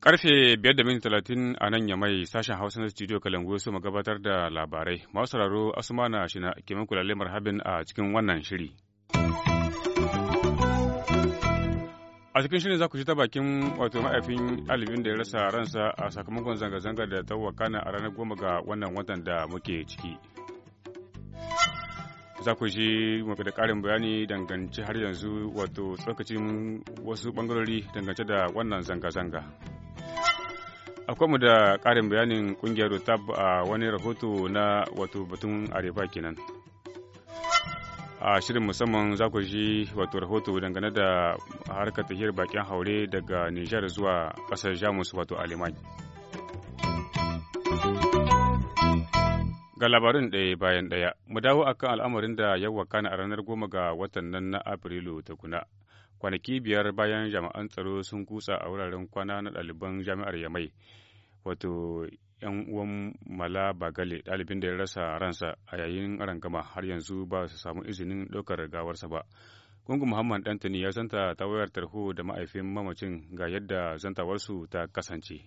Karfe biyar a nan ya mai sashen Hausa na studio Kalangu su gabatar da labarai. Masu sauraro na shi ke muku lalle marhabin a cikin wannan shiri. a cikin shirin za ku ji ta bakin wato ma'aifin ɗalibin da ya rasa ransa a sakamakon zanga zanga da ta wakana a ranar goma ga wannan watan da muke ciki za ku ji mafi da ƙarin bayani dangance har yanzu wato tsokacin wasu bangarori dangance da wannan zanga-zanga akwai mu da ƙarin bayanin ƙungiyar rotab a wani rahoto na wato batun arewa kenan a shirin musamman za ku ji wato rahoto dangane da harkar tahiyar bakin haure daga nijar zuwa kasar jamus wato alemany ga labarin ɗaya bayan ɗaya mu dawo akan al'amarin da ya wakana a ranar goma ga watan nan na afrilu ta kuna kwanaki biyar bayan jami'an tsaro sun kusa a wuraren kwana na ɗaliban jami'ar yamai wato 'yan uwan Mala Bagale ɗalibin da ya rasa ransa a yayin rangama har yanzu ba su samu izinin ɗaukar gawarsa ba. Gungun Muhammad Dantani ya zanta ta wayar tarho da ma'aifin mamacin ga yadda zantawarsu ta kasance.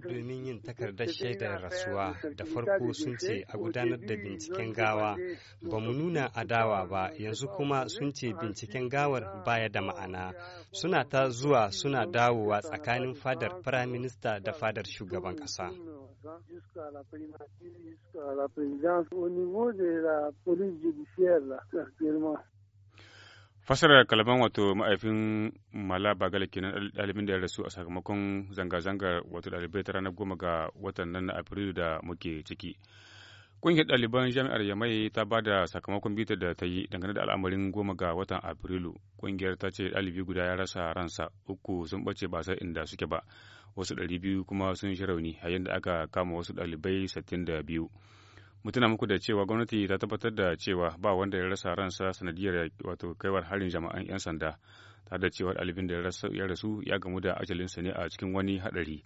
domin yin takardar shaidar rasuwa da farko sun ce a gudanar da binciken gawa ba mu nuna adawa ba yanzu kuma sun ce binciken gawar baya da ma'ana suna ta zuwa suna dawowa tsakanin fadar firaminista da fadar shugaban kasa. fasarar kalaban wato ma'aifin mala bagala kenan dalibin da ya rasu a sakamakon zanga-zangar wato dalibai ta ranar goma ga watan nan na afrilu da muke ciki ƙungiyar ɗaliban jami'ar yamai ta ba da sakamakon bitar da ta yi dangane da al'amarin goma ga watan afrilu ƙungiyar ta ce ɗalibi guda ya rasa ransa uku sun ɓace ba sai inda suke ba wasu ɗari biyu kuma sun shi rauni yayin da aka kama wasu ɗalibai sittin da biyu mu tuna muku da cewa gwamnati ta tabbatar da cewa ba wanda ya rasa ransa sanadiyar wato kaiwar harin jama'an 'yan sanda ta da cewa ɗalibin da ya rasu ya gamu da ajalinsa ne a cikin wani haɗari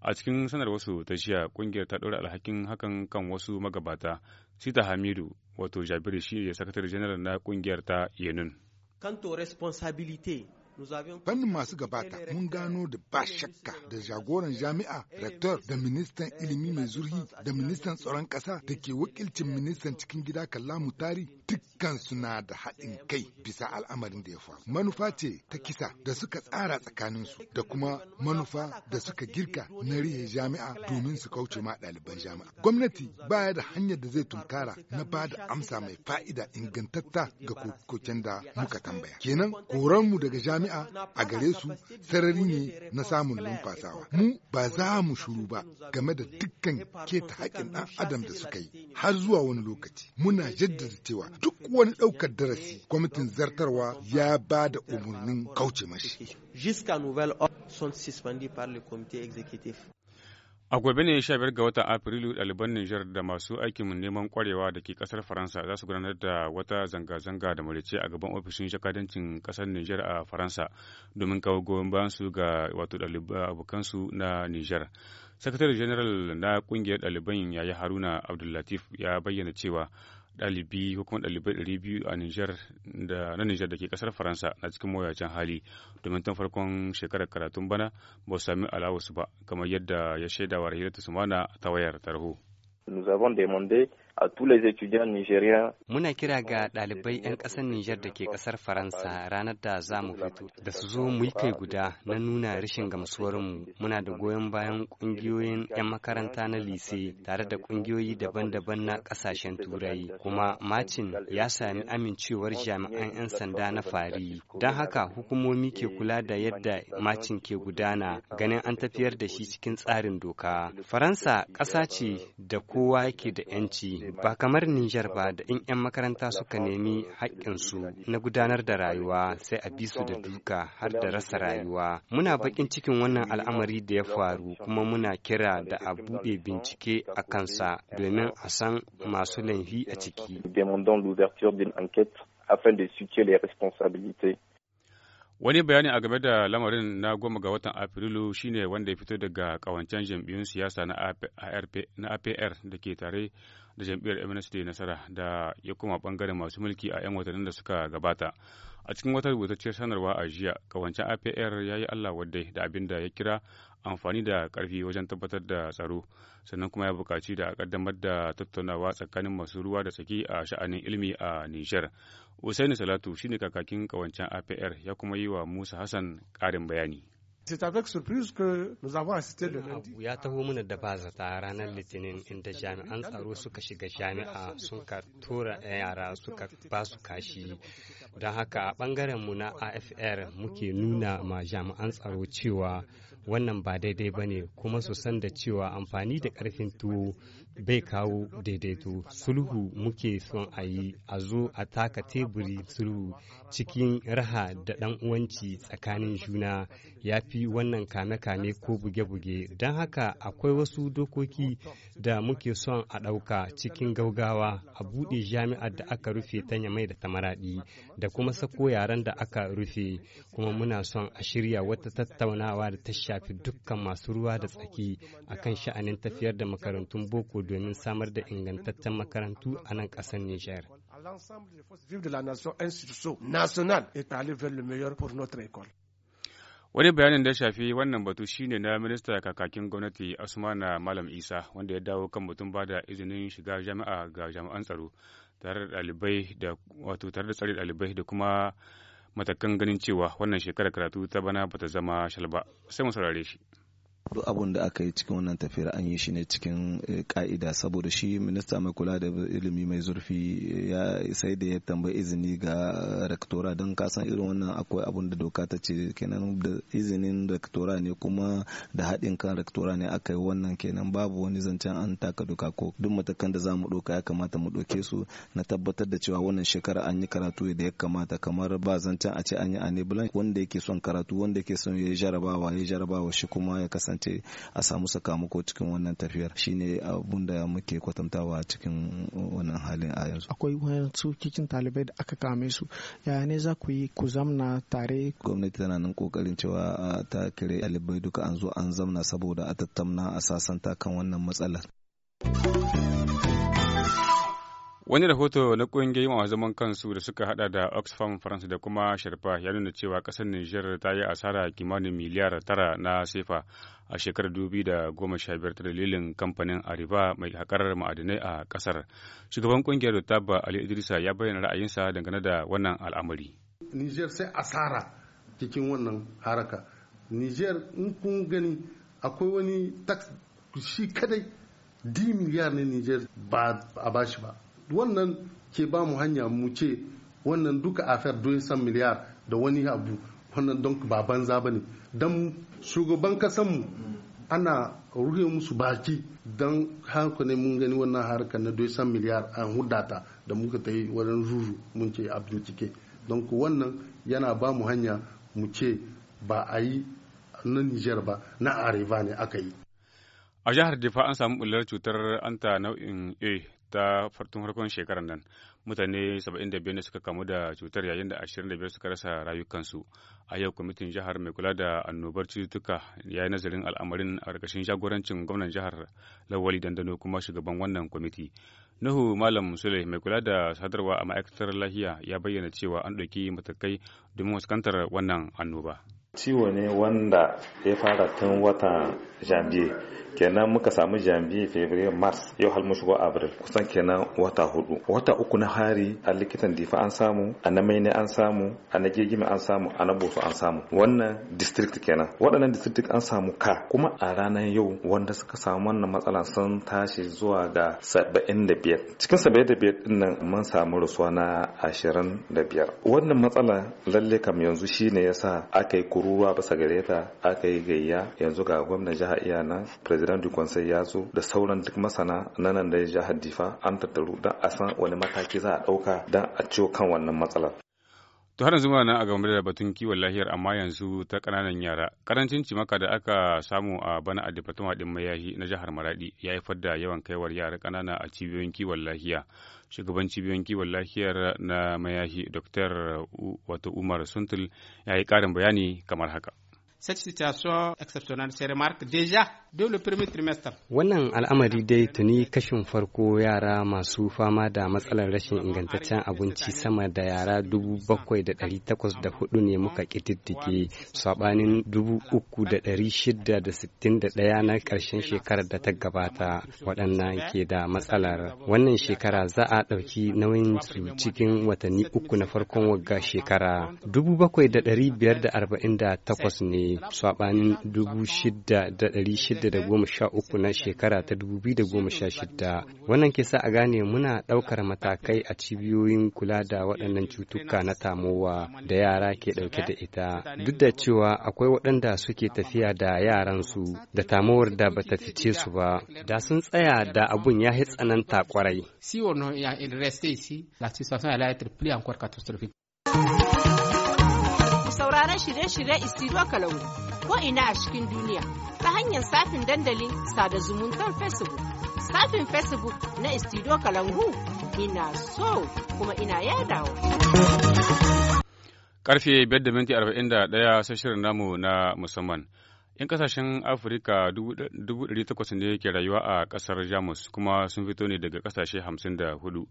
a cikin sanar wasu ta jiya kungiyar ta ɗora alhakin hakan kan wasu magabata sita hamidu wato jabiru shi ne sakatare janar na kungiyar ta yenun kanto responsibility Fannin masu gabata mun gano da ba shakka da jagoran jami'a, rektor da ministan ilimi mai zurhi da ministan tsaron ƙasa da ke wakilcin ministan cikin gida Kallamu Tari dukkan suna da haɗin kai bisa al'amarin da ya faru. Manufa ce ta kisa da suka tsara tsakaninsu da kuma manufa da suka girka na rihe jami'a domin su kauce ma ɗaliban jami'a. Gwamnati baya da hanyar da zai tunkara na ba da amsa mai fa'ida ingantatta ga kokokin da muka tambaya. Kenan mu daga jami'a a gare su sarari ne na samun numfasawa. Mu ba za mu shuru ba game da dukkan keta haƙin ɗan adam da suka yi har zuwa wani lokaci. Muna jaddada cewa duk wani ɗaukar darasi kwamitin zartarwa ya ba da umarnin kauce mashi. A gobe ne 15 ga watan Afrilu ɗaliban Nijar da masu aikin neman kwarewa da ke ƙasar Faransa za su gudanar da wata zanga-zanga da marice a gaban ofishin jakadancin ƙasar Nijar a Faransa domin kawo goyon bayan su ga wato ɗaliban abokansu na Nijar. Sakatare General na ƙungiyar ɗaliban yayi Haruna Abdullatif ya bayyana cewa ɗalibi ko kuma dalibai ɗari biyu a Nijar da na Nijar da ke kasar Faransa na cikin mawuyacin hali domin tun farkon shekarar karatun bana ba su sami alawus ba kamar yadda ya shaida wa Rahilatu Sumana ta wayar tarho. Nous avons demandé a les étudiants nigériens. Muna kira ga ɗalibai 'yan ƙasar Nijar da ke ƙasar Faransa ranar da za mu fito da su zo mu yi kai guda na nuna rashin mu muna da goyon bayan ƙungiyoyin 'yan makaranta na lise tare da ƙungiyoyi daban-daban na ƙasashen turai kuma Martin ya sami amincewar jami'an 'yan sanda na fari don haka hukumomi ke kula da yadda Martin ke gudana ganin an tafiyar da shi cikin tsarin doka. Faransa ƙasa ce da kowa ke da 'yanci ba kamar Nijar ba da in 'yan makaranta suka nemi haƙƙinsu na gudanar da rayuwa sai a bi su da duka har da rasa rayuwa. Muna bakin cikin wannan al'amari da ya faru kuma muna kira da a buɗe bincike a kansa domin a san masu laifi a ciki. Wani bayani a game da lamarin na goma ga watan Afrilu shine wanda ya fito daga kawancen jam'iyyun siyasa na APR da ke tare da jam'iyyar da nasara da ya koma bangaren masu mulki a 'yan watannin da suka gabata. A cikin wata rubutacciyar sanarwa a jiya, kawancin APR ya yi Allah wadai da abin da ya kira amfani da karfi wajen tabbatar da tsaro, sannan kuma ya buƙaci da a ƙaddamar da tattaunawa tsakanin masu ruwa da tsaki a sha'anin ilimi a Nijar. Usaini Salatu shine kakakin kawancin APR ya kuma yi wa Musa Hassan ƙarin bayani. C'est avec surprise que nous avons assisté le lundi. ya taho mana da bazata ranar Litinin inda jami'an tsaro suka shiga jami'a suka tura yara suka ba su kashi. Don haka a bangaren mu na AFR muke nuna ma jami'an tsaro cewa wannan ba daidai bane kuma su san da cewa amfani da karfin tuwo bai kawo daidaito sulhu muke son a yi a zo a taka teburi sulhu cikin raha da ɗan uwanci tsakanin juna ya fi wannan kame-kame ko buge-buge don haka akwai wasu dokoki da muke son a ɗauka cikin gaugawa a buɗe jami'ar da aka rufe ta nyamai da tamaraɗi da kuma sako yaren da aka rufe kuma muna son a shirya wata tattaunawa da ta shafi dukkan masu ruwa da tsaki akan sha'anin tafiyar da makarantun boko domin samar da ingantaccen makarantu a nan ƙasar Nijar. Wani bayanin da ya shafi wannan batu shine na minista kakakin gwamnati Asmana Malam Isa wanda ya dawo kan batun ba da izinin shiga jami'a ga jami'an tsaro tare da ɗalibai da wato tare da tsare ɗalibai da kuma matakan ganin cewa wannan shekarar karatu ta bana bata zama shalba sai mu saurare shi. duk abun da aka yi cikin wannan tafiyar an yi shi ne cikin ka'ida eh, saboda shi minista mai kula da ilimi mai zurfi eh, ya sai da ya tambayi izini ga rektora don kasan irin wannan akwai abun da doka ta ce kenan da izinin rektora ne kuma da haɗin kan rektora ne aka yi wannan kenan babu wani zancen an taka doka ko duk matakan da za mu ɗauka ya kamata mu ɗauke su na tabbatar da cewa wannan shekara an yi karatu da ya kamata kamar ba zancen a ce an yi a wanda yake son karatu wanda yake son ya yi jarabawa ya jarabawa shi kuma ya kasance kasance a samu sakamako cikin wannan tafiyar shine abun da muke kwatantawa cikin wannan halin a yanzu akwai wasu cikin talibai da aka kame su yaya ne za ku yi ku zamna tare gwamnati tana nan kokarin cewa ta kire talibai duka an zo an zamna saboda a tattauna a sasanta kan wannan matsalar Wani rahoto na ƙungiyoyi masu zaman kansu da suka hada da Oxfam France da kuma Sherpa ya nuna cewa kasar Nijar ta yi asara kimanin miliyar tara na sefa a shekarar dubi da goma ta dalilin kamfanin Ariba mai haƙar ma'adinai a kasar Shugaban ƙungiyar Taba Ali Idrisa ya bayyana ra'ayinsa dangane da wannan al'amari. Nijar sai asara cikin wannan haraka. Nijar in kun gani akwai wani tax shi kadai di miliyar ne Nijar ba a bashi ba. wannan ke ba mu hanya mu ce wannan duka affair san miliyar da wani abu wannan don ba banza ba ne don shugaban kasanmu ana ruhe musu baki don haka ne mun gani wannan harka na san miliyar an hudata da muka ta yi wurin ruru mun ce a bincike don wannan yana ba mu hanya mu ce ba a yi na Nijar ba na Areva ne aka yi. A jihar Difa an samu bullar cutar anta nau'in A ta farkon farkon shekarar nan mutane 75 ne suka kamu da cutar yayin da 25 suka rasa rayukansu a yau kwamitin jihar mai kula da annobar cututtuka ya yi nazarin al'amarin a ƙarƙashin jagorancin gwamnan jihar lawali dandano kuma shugaban wannan kwamiti nuhu malam sule mai kula da sadarwa a ma'aikatar lahiya ya bayyana cewa an ɗauki matakai domin wannan annoba. ciwo ne wanda ya fara tun watan janvier kenan muka samu janvier february mars yau hal mu shigo abril kusan kenan wata hudu wata uku na hari a likitan difa an samu a na maine an samu a na gegime an samu a na boso an samu wannan district kenan waɗannan district an samu ka kuma a ranar yau wanda suka samu wannan matsala sun tashi zuwa ga saba'in da biyar cikin saba'in din nan mun samu rasuwa na ashirin da wannan matsala lalle kam yanzu shine yasa aka yi ko kururuwa basa gare ta aka yi gayya yanzu ga gwamnan jihar iya nan president du conseil ya zo da sauran duk masana na nan da jihar difa an tattaru don a san wani mataki za a ɗauka don a ciwo kan wannan matsalar To har yanzu muna a game da batun kiwon lahiyar amma yanzu ta kananan yara. Karancin cimaka da aka samu a bana a Departement ɗin Mayahi na jihar maraɗi ya haifar da yawan kaiwar yara ƙanana a cibiyoyin kiwon lahiya. Shugaban cibiyoyin kiwon lahiyar na Mayahi Dr. Umar Suntul ya yi ƙarin bayani kamar haka. Cette situation exceptionnelle se remarque déjà dès le premier trimestre. Wannan al'amari dai tuni kashin farko yara masu fama da matsalar rashin ingantaccen abinci sama da yara dubu bakwai da takwas da ne muka ƙididdige sabanin dubu uku da shida da sittin da ɗaya na ƙarshen shekarar da ta gabata waɗannan ke da matsalar. Wannan shekara za a ɗauki nauyin su cikin watanni uku na farkon wagga shekara. Dubu bakwai da biyar da arba'in da takwas ne saɓanin 6,613 na shekara ta 2016 wannan ke sa a gane muna ɗaukar matakai a cibiyoyin kula da waɗannan cutuka na tamowa da yara ke ɗauke da ita duk da cewa akwai waɗanda suke tafiya da yaransu da tamowar da ba ta fice su ba da sun tsaya da abun ya yi tsananta kwarai. Si ya la situation plus encore catastrophique. sauran shirye-shirye Isiro Kalangu ko ina a cikin duniya ta hanyar safin dandalin sada zumuntar Facebook. Safin Facebook na Isiro Kalangu ina so kuma ina yadawa. Karfe 5:41 ɗaya namu na musamman. 'Yan kasashen Afirka 1,800 ne ke rayuwa a kasar Jamus kuma sun fito ne daga kasashe 54.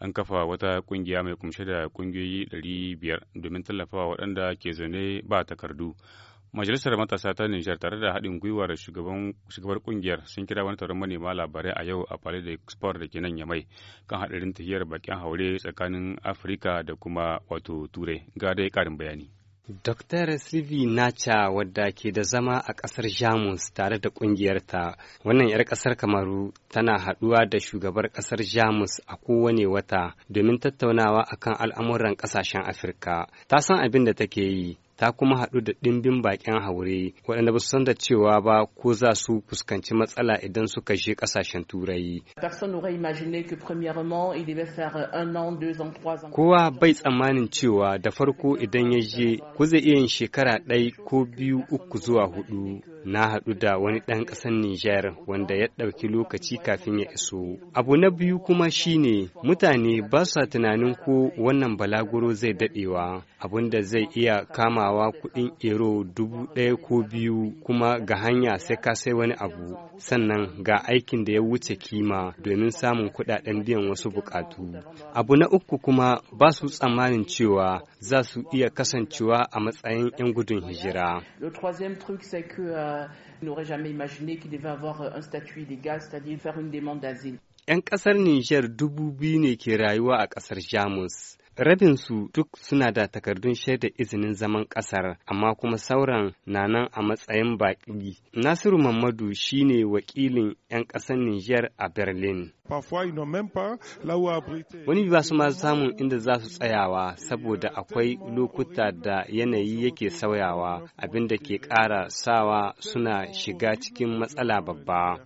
An kafa wata kungiya mai kumshe da ƙungiyoyi 500 domin tallafawa waɗanda ke zane ba takardu. Majalisar Matasa ta Nijar tare da haɗin gwiwa da shugabar kungiyar sun kira wani taron manema labarai a yau a Palais da Sport da ke nan Yamai kan haɗarin tahiyar bakin haure tsakanin Afirka da kuma wato Turai. Ga dai ƙarin bayani. Dr. Sylvie Nacha wadda ke da zama a ƙasar Jamus tare da ƙungiyarta, wannan 'yar ƙasar Kamaru tana haɗuwa da shugabar ƙasar Jamus a kowane wata domin tattaunawa akan al'amuran ƙasashen Afirka. Ta san abin da take yi, ta kuma haɗu da ɗimbin baƙin haure waɗanda ba su san da cewa ba ko za su fuskanci matsala idan suka je ƙasashen turai. Kowa bai tsammanin cewa da farko idan ya je ko zai iya yin shekara ɗai ko biyu uku zuwa hudu na haɗu da wani ɗan ƙasar Nijar wanda ya ɗauki lokaci kafin ya iso. Abu na biyu kuma shine mutane ba sa tunanin ko wannan balaguro zai daɗewa abinda zai iya kama kawa kuɗin ero dubu ɗaya ko biyu kuma ga hanya sai ka sai wani abu sannan ga aikin da ya wuce kima domin samun kuɗaɗen biyan wasu buƙatu. Abu na uku kuma ba su tsammanin cewa za su iya kasancewa a matsayin 'yan gudun hijira. Euh, euh, ‘Yan ƙasar Nijar dubu biyu ne ke rayuwa a ƙasar Jamus. rabinsu duk suna da takardun shaida izinin zaman ƙasar, amma kuma sauran na nan a matsayin baƙi. Nasiru Mamadu shine wakilin 'yan ƙasar Nijar a Berlin. Wani ba su ma samun inda za su tsayawa saboda akwai lokuta da yanayi yake sauyawa abinda ke ƙara sawa suna shiga cikin matsala babba.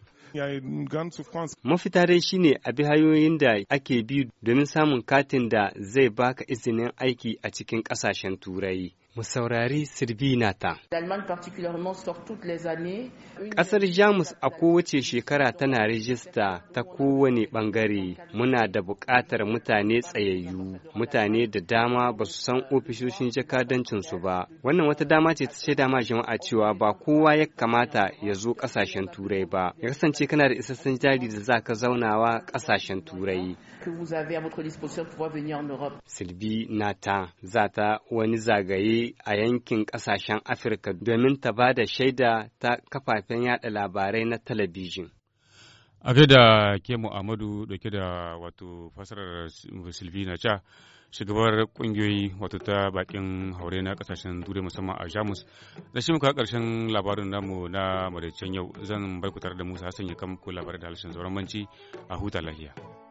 Mafita dai ne a bi hanyoyin da ake bi domin samun katin da zai baka izinin aiki a cikin ƙasashen Turai. mu saurari ta. Ƙasar Jamus a kowace shekara tana rijista ta kowane ɓangare muna da buƙatar mutane tsayayyu, mutane da dama ba su san ofishoshin jakadancinsu ba. Wannan wata dama ce ta ce dama jama'a cewa ba kowa ya kamata ya zo ƙasashen turai ba. Ya kasance kana da isassun jari da za ka zaunawa ƙasashen turai. Silbi Nata za ta wani zagaye a yankin ƙasashen Afirka domin ta ba da shaida ta kafafen yada labarai na talabijin. A da ke Muhammadu dauke da wato fasarar Silvina Cha, shugabar kungiyoyi wato ta bakin haure na kasashen turai musamman a Jamus. Da shi muka karshen labarin namu na maraicen yau zan baikutar da Musa Hassan ya kama ku labarai da halshen zauren manci a huta lahiya.